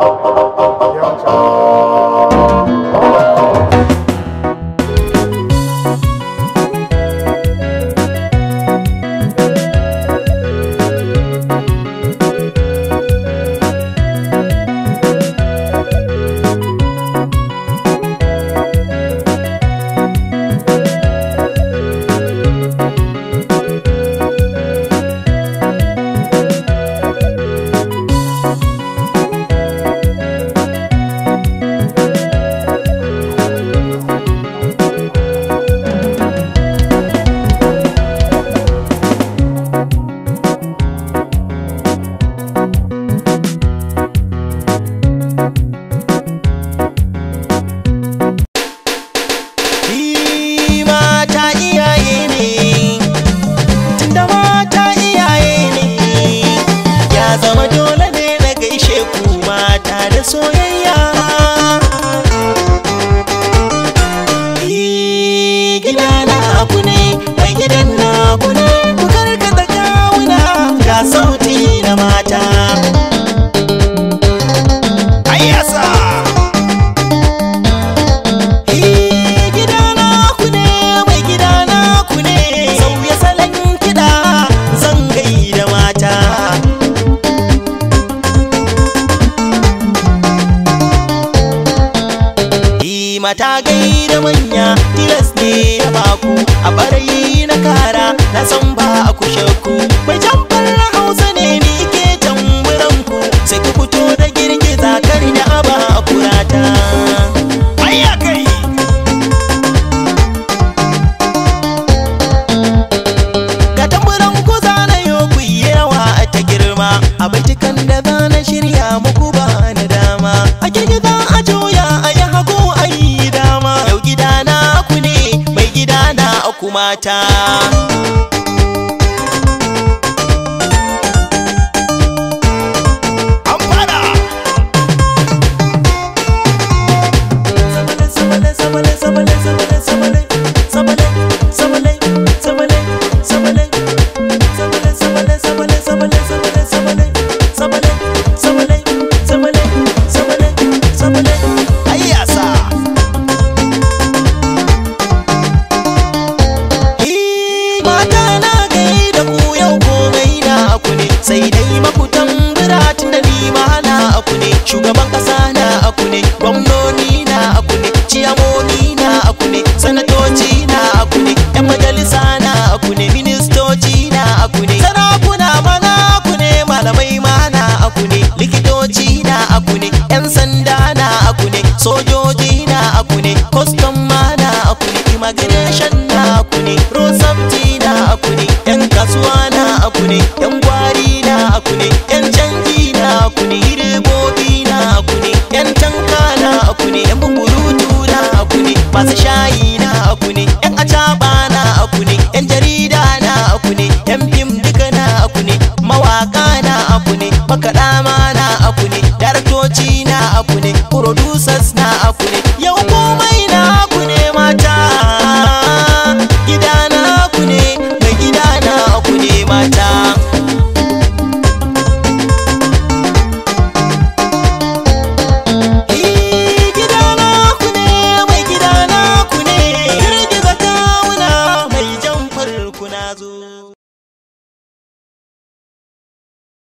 Tchau, tchau. mata da soyayya gida na ku ne a gidan na ku ne ku karkata kawuna ga sauti na mata ta gaida manya tilas ne ya baku mata sai dai mafutan tun da ni na aku ne shugaban kasa na aku ne gwamnoni na aku ne ciyamoni na aku ne sanatoci na aku ne yan majalisa masu shayi na aku ne yan acaba na aku ne yan jarida na aku ne yan fim duka na aku ne mawaka na aku ne makaɗa ma na aku ne daraktoci na aku ne producers na aku ne yau kuma.